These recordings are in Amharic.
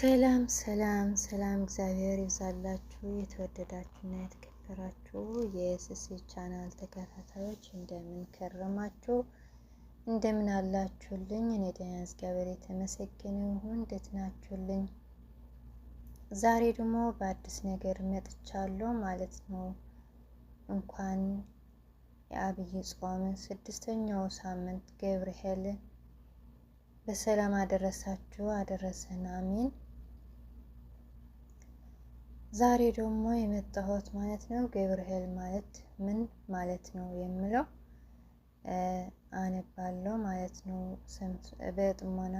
ሰላም ሰላም ሰላም፣ እግዚአብሔር ይብዛላችሁ። የተወደዳችሁና የተከበራችሁ የስስ ቻናል ተከታታዮች እንደምን ከረማችሁ? እንደምን አላችሁልኝ? እኔ ደህና እግዚአብሔር የተመሰገነ ይሁን። እንዴት ናችሁልኝ? ዛሬ ደግሞ በአዲስ ነገር መጥቻለሁ ማለት ነው። እንኳን የአብይ ጾም ስድስተኛው ሳምንት ገብርኤል በሰላም አደረሳችሁ አደረሰን። አሚን ዛሬ ደግሞ የመጣሁት ማለት ነው ገብርኤል ማለት ምን ማለት ነው የምለው አነባለሁ ማለት ነው። በጥሞና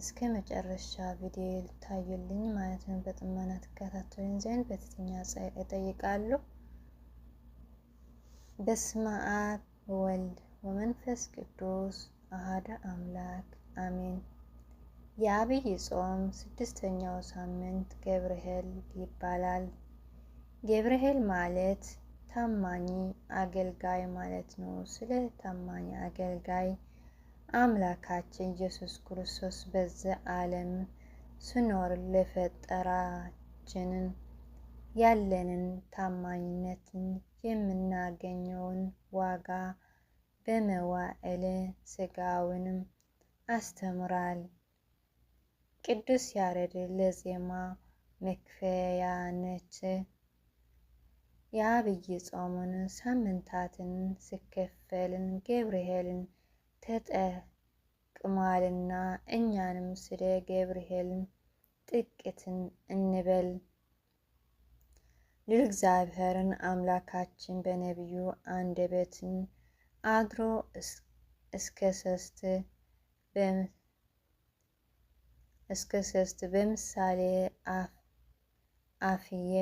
እስከ መጨረሻ ቪዲዮ ልታዩልኝ ማለት ነው። በጥሞና ትከታተሉኝ ዘንድ በትህትና እጠይቃለሁ። በስመ አብ ወወልድ ወመንፈስ ቅዱስ አሃደ አምላክ አሜን። የአብይ ጾም ስድስተኛው ሳምንት ገብርኄር ይባላል። ገብርኄር ማለት ታማኝ አገልጋይ ማለት ነው። ስለ ታማኝ አገልጋይ አምላካችን ኢየሱስ ክርስቶስ በዚህ ዓለም ስኖር ለፈጠራችንን ያለንን ታማኝነትን የምናገኘውን ዋጋ በመዋዕለ ስጋውንም አስተምራል። ቅዱስ ያሬድ ለዜማ መክፈያ ነች። የአብይ ጾምን ሳምንታትን ስከፈልን ገብርኤልን ተጠቅማልና እኛንም ስለ ገብርኤልን ጥቂትን እንበል። ለእግዚአብሔርን አምላካችን በነቢዩ አንደበትን አድሮ እስከ ሶስት እስከ ሶስት በምሳሌ አፍዬ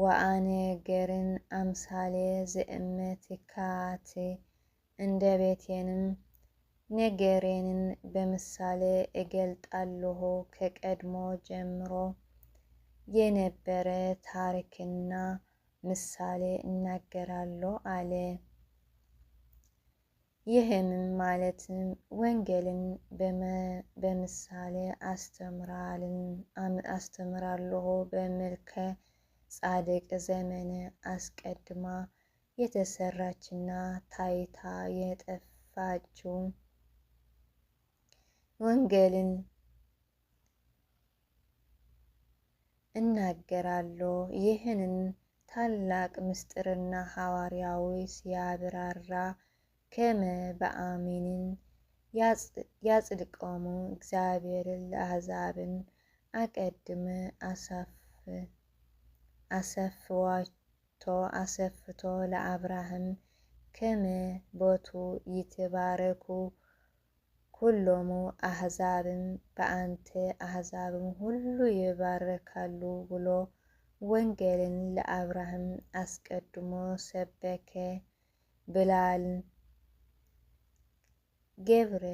ወአነ ገርን አምሳሌ ካት እንደ ቤቴንም ነገሬንን በምሳሌ እገልጣለሁ። ከቀድሞ ጀምሮ የነበረ ታሪክና ምሳሌ እናገራለሁ አለ። ይህንን ማለትም ወንጌልን በምሳሌ አስተምራለሁ በመልከ ጻድቅ ዘመነ አስቀድማ የተሰራችና ታይታ የጠፋችው ወንጌልን እናገራለሁ። ይህንን ታላቅ ምስጢርና ሐዋርያዊ ሲያብራራ ከመ በአሜንን ያጽድቆሙ እግዚአብሔርን ለአሕዛብን አቀድመ አሰፍቶ ለአብርሃም ከመ ቦቱ ይትባረኩ ኩሎሙ አሕዛብም በአንተ አሕዛብም ሁሉ ይባረካሉ ብሎ ወንጌልን ለአብርሃም አስቀድሞ ሰበከ ብላል። ገብረ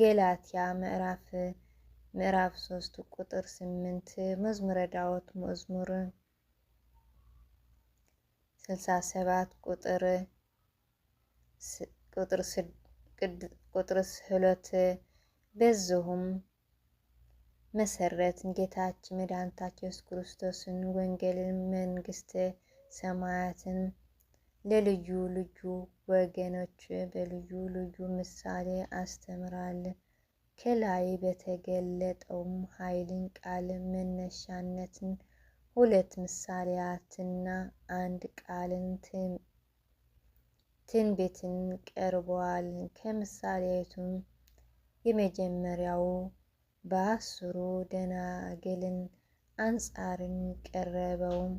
ገላትያ ምዕራፍ ምዕራፍ 3 ቁጥር 8 መዝሙረ ዳዊት መዝሙር 67 ቁጥር ቁጥር ቁጥር ስህሎት በዚሁም መሰረት ጌታችን መድኃኒታችን ኢየሱስ ክርስቶስን ወንጌልን መንግስተ ሰማያትን ለልዩ ልዩ ወገኖች በልዩ ልዩ ምሳሌ አስተምራል። ከላይ በተገለጠውም ኃይልን ቃል መነሻነትን ሁለት ምሳሌያትና አንድ ቃልን ትንቢትን ቀርበዋል። ከምሳሌቱም የመጀመሪያው በአስሩ ደናግልን አንጻርን ቀረበውም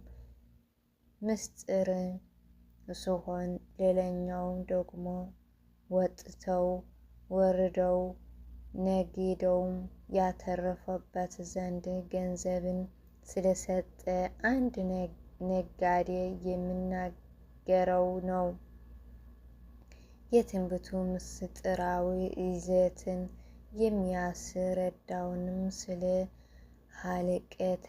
ምስጥርን ። ሲሆን ሌላኛው ደግሞ ወጥተው ወርደው ነግደውም ያተረፈበት ዘንድ ገንዘብን ስለሰጠ አንድ ነጋዴ የሚናገረው ነው። የትንብቱ ምስጢራዊ ይዘትን የሚያስረዳውንም ስለ ሀልቀተ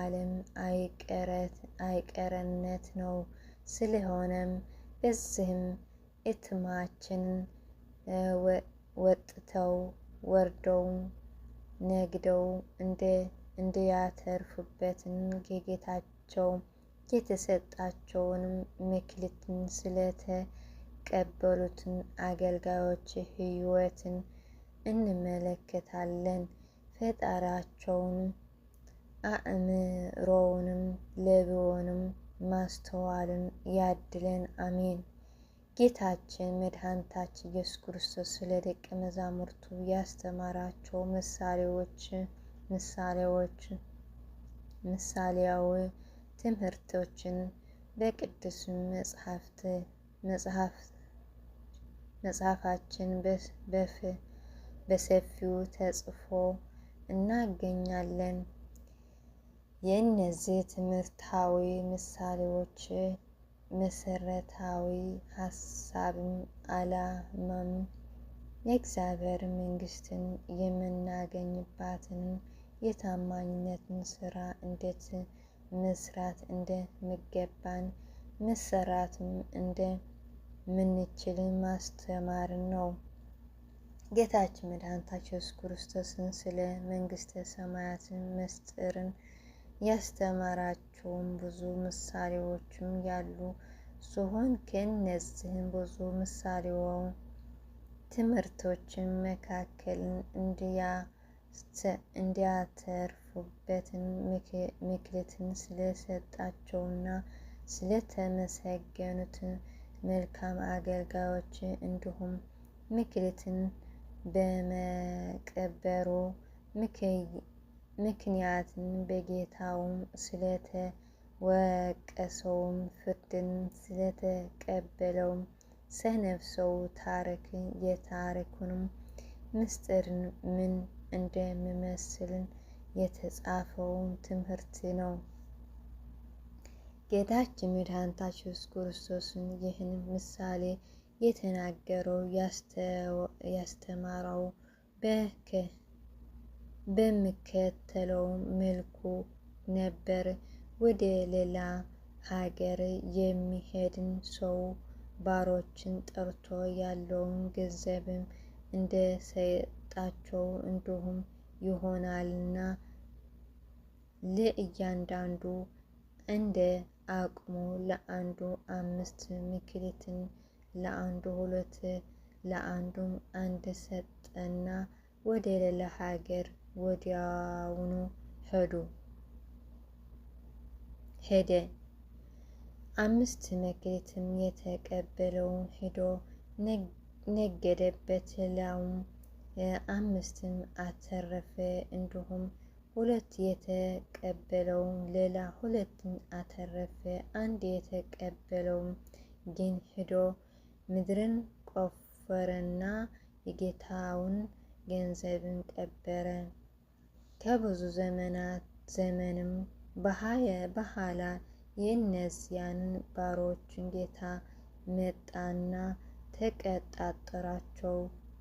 ዓለም አይቀረት አይቀረነት ነው። ስለሆነም በዚህም እትማችን ወጥተው ወርደው ነግደው እንዲያተርፉበትን ከጌታቸው የተሰጣቸውን መክሊትን ስለተቀበሉትን አገልጋዮች ሕይወትን እንመለከታለን። ፈጣራቸውን አእምሮውንም ለብዮን ማስተዋልን ያድለን። አሜን። ጌታችን መድኃኒታችን ኢየሱስ ክርስቶስ ስለ ደቀ መዛሙርቱ ያስተማራቸው ምሳሌዎች ምሳሌዎች ምሳሌያዊ ትምህርቶችን በቅዱስ መጽሐፍት መጽሐፋችን በሰፊው ተጽፎ እናገኛለን። የእነዚህ ትምህርታዊ ምሳሌዎች መሰረታዊ ሀሳብም አላማም የእግዚአብሔር መንግስትን የምናገኝባትን የታማኝነትን ስራ እንዴት መስራት እንደሚገባን መሰራትም እንደምንችል ማስተማር ነው። ጌታችን መድኃኒታችን ኢየሱስ ክርስቶስን ስለ መንግስተ ሰማያትን መስጥርን ያስተማራቸውም ብዙ ምሳሌዎችም ያሉ ሲሆን ከእነዚህም ብዙ ምሳሌው ትምህርቶችን መካከል እንዲያተርፉበትን ምክርትን ስለሰጣቸውና ስለተመሰገኑት መልካም አገልጋዮች እንዲሁም ምክርትን በመቀበሩ ምክር ምክንያትን በጌታውም ስለተወቀሰውም ፍርድን ስለተቀበለውም ሰነፍሰው ታሪክን የታሪኩንም ምስጢርን ምን እንደሚመስልን የተጻፈውን ትምህርት ነው። ጌታችን መድኃኒታችን ኢየሱስ ክርስቶስን ይህን ምሳሌ የተናገረው ያስተማረው በከ በምከተለው መልኩ ነበር ወደ ሌላ ሀገር የሚሄድን ሰው ባሮችን ጠርቶ ያለውን ገንዘብም እንደሰጣቸው እንዲሁም ይሆናልና ለእያንዳንዱ እንደ አቅሙ ለአንዱ አምስት ምክልትን ለአንዱ ሁለት ለአንዱም አንድ ሰጠና ወደ ሌላ ሀገር ወዲያውኑ ሄዱ ሄደ። አምስት መክሊትም የተቀበለውን ሄዶ ነገደበት። ላውም አምስትም አተረፈ። እንዲሁም ሁለት የተቀበለውን ሌላ ሁለትን አተረፈ። አንድ የተቀበለውም ግን ሂዶ ምድርን ቆፈረና የጌታውን ገንዘብን ቀበረ። ከብዙ ዘመናት ዘመንም በኋላ የእነዚያን ባሮችን ጌታ መጣና ተቀጣጠራቸው።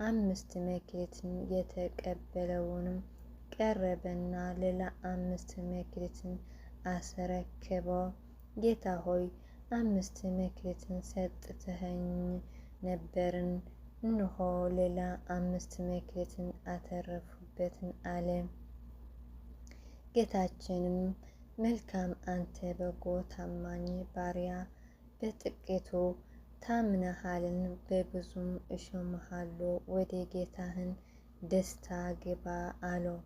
አምስት መክሊትን የተቀበለውንም ቀረበና ሌላ አምስት መክሊትን አስረክበው፣ ጌታ ሆይ አምስት መክሊትን ሰጥተኸኝ ነበርን፣ እንሆ ሌላ አምስት መክሊትን አተረፉበትን አለ። ጌታችንም መልካም አንተ በጎ ታማኝ ባሪያ፣ በጥቂቱ ታምነሃልን በብዙም እሾምሃሉ ወደ ጌታህን ደስታ ግባ አለው።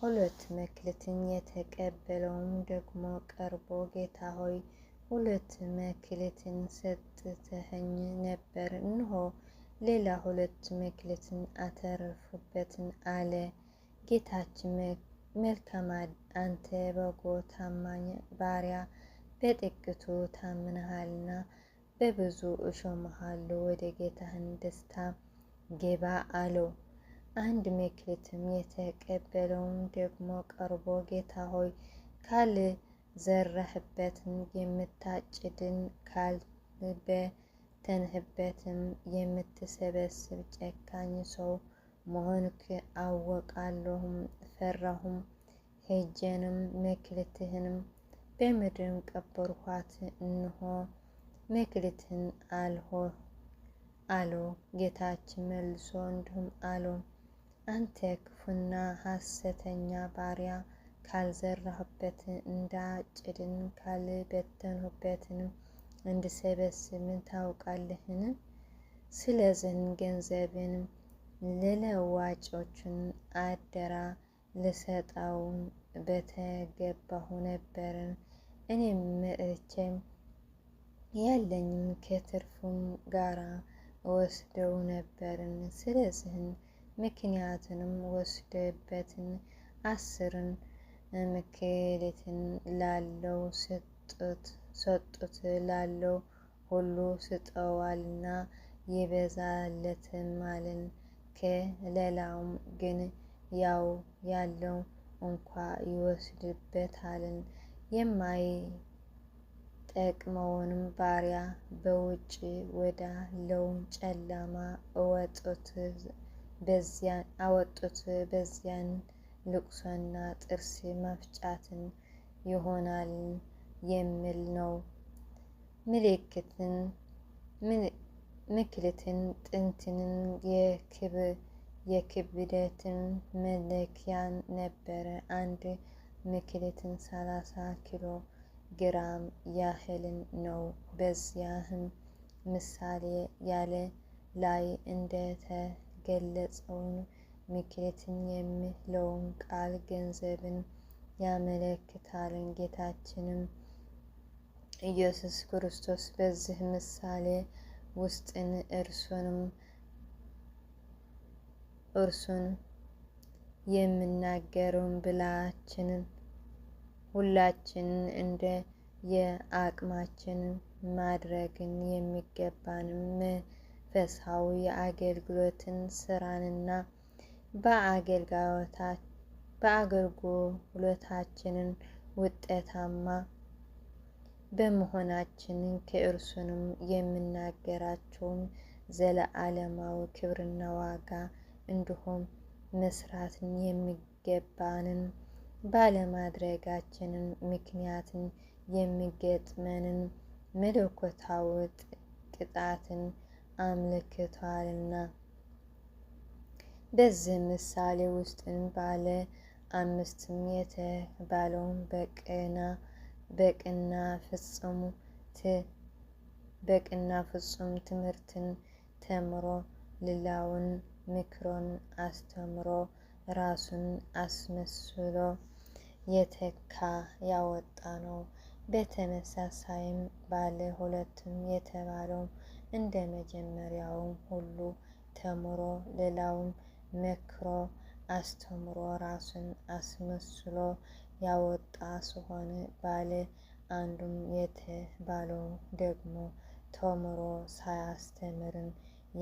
ሁለት መክሊትን የተቀበለውም ደግሞ ቀርቦ ጌታ ሆይ ሁለት መክሊትን ሰጥተኸኝ ነበር፣ እንሆ ሌላ ሁለት መክሊትን አተረፉበትን አለ ጌታችን መልካም አንተ በጎ ታማኝ ባሪያ፣ በጥቂቱ ታምነሃልና በብዙ እሾምሃለሁ፣ ወደ ጌታህን ደስታ ግባ አለው። አንድ መክሊትም የተቀበለውም ደግሞ ቀርቦ ጌታ ሆይ ካልዘራህበትም የምታጭድን ካልበተንህበትም የምትሰበስብ ጨካኝ ሰው መሆንክ አወቃለሁም ፈራሁም ሄጀንም መክሊትህንም በምድርም ቀበርኋት። እንሆ መክሊትህን አልሆ አለው። ጌታችን መልሶ እንዲሁም አለው፣ አንተ ክፉና ሐሰተኛ ባሪያ ካልዘራሁበት እንዳጭድን ካልበተንሁበትንም እንድሰበስብን ታውቃለህን? ስለዝህን ገንዘብን ለለዋጮችን አደራ ልሰጠው በተገባሁ ነበር። እኔ መጥቼም ያለኝም ከትርፉም ጋራ ወስደው ነበርን። ስለዚህም ምክንያትንም ወስደበትን አስርን ምክሌትን ላለው ሰጡት ላለው ሁሉ ስጠዋልና ይበዛለትማልን ከሌላውም ግን ያው ያለው እንኳ ይወስድበታልን የማይጠቅመውንም ባሪያ በውጭ ወዳለውን ጨለማ አወጡት። በዚያን ልቅሶና ጥርስ መፍጫትን ይሆናል የሚል ነው። ምልክትን ምክልትን ጥንትን የክብ የክብደትን መለኪያ ነበረ። አንድ መክሊትን 30 ኪሎ ግራም ያህልን ነው። በዚያህም ምሳሌ ያለ ላይ እንደተገለጸውን መክሊትን የሚለውን ቃል ገንዘብን ያመለክታል። ጌታችንም ኢየሱስ ክርስቶስ በዚህ ምሳሌ ውስጥን እርሱንም እርሱን የምናገረውን ብላችንን ሁላችንን እንደ የአቅማችን ማድረግን የሚገባን መንፈሳዊ የአገልግሎትን ስራንና በአገልግሎታችንን ውጤታማ በመሆናችን ከእርሱንም የምናገራቸውን ዘለዓለማዊ ክብርና ዋጋ እንዲሁም መስራትን የሚገባንን ባለማድረጋችንን ምክንያትን የሚገጥመንን መለኮታዊ ቅጣትን አመልክቷልና። በዚህ ምሳሌ ውስጥን ባለ አምስትም የተባለውን በቅና በቅና ፍጹም በቅና ፍጹም ትምህርትን ተምሮ ሌላውን ምክሮን አስተምሮ ራሱን አስመስሎ የተካ ያወጣ ነው። በተመሳሳይም ባለ ሁለትም የተባለው እንደ መጀመሪያውም ሁሉ ተምሮ ሌላውም መክሮ አስተምሮ ራሱን አስመስሎ ያወጣ ሲሆን ባለ አንዱም የተባለው ደግሞ ተምሮ ሳያስተምርም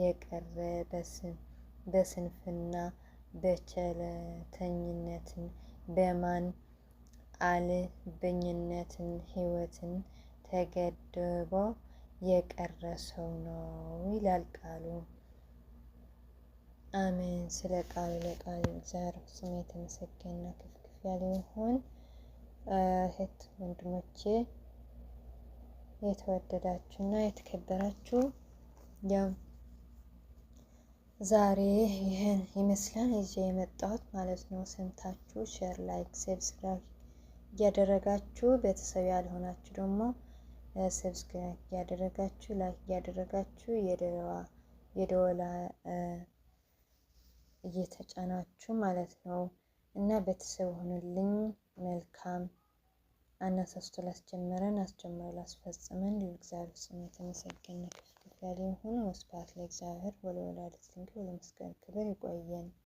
የቀረ በስም በስንፍና በቸለተኝነትን በማን አልበኝነትን ህይወትን ተገድቦ የቀረ ሰው ነው ይላል ቃሉ። አሜን። ስለ ቃሉ ለቃሉ እግዚአብሔር ፍጹም የተመሰገነ ከፍክፍ ያለ ይሁን። እህት ወንድሞቼ የተወደዳችሁና የተከበራችሁ ያው ዛሬ ይህን ይመስላል ይዤ የመጣሁት ማለት ነው። ሰምታችሁ ሼር፣ ላይክ፣ ሰብስክራይብ እያደረጋችሁ ቤተሰብ ያልሆናችሁ ደግሞ ሰብስክራይብ እያደረጋችሁ ላይክ እያደረጋችሁ የደዋ የደወላ እየተጫናችሁ ማለት ነው እና ቤተሰብ ሆኑልኝ። መልካም አነሳስቶ ላስጀመረን አስጀምሮ ላስፈጽመን እግዚአብሔር ስም የተመሰገነ ለዘላለም ይሁን ወስብሐት ለእግዚአብሔር ወለወላዲቱ ድንግል ወለመስቀሉ ክቡር። ይቆየን።